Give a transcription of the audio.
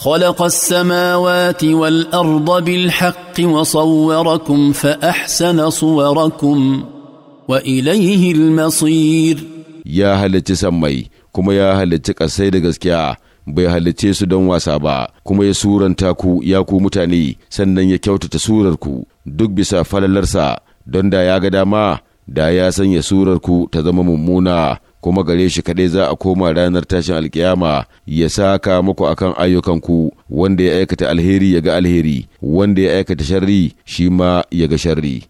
خلق السماوات والارض بالحق وصوركم فاحسن صوركم واليه المصير يا هلتي سمي كما يا هلتي قسي da gaskiya bai halicce su don wasa ba kuma ya suranta ku ya ku mutane sannan ya kyautata surar ku duk bisa falalarsa don da ya ga dama da ya sanya surarku ta zama mummuna kuma gare shi kaɗai za a koma ranar tashin alkiyama ya saka muku akan ayyukanku wanda ya aikata alheri ya ga alheri wanda ya aikata sharri shi ma ya ga sharri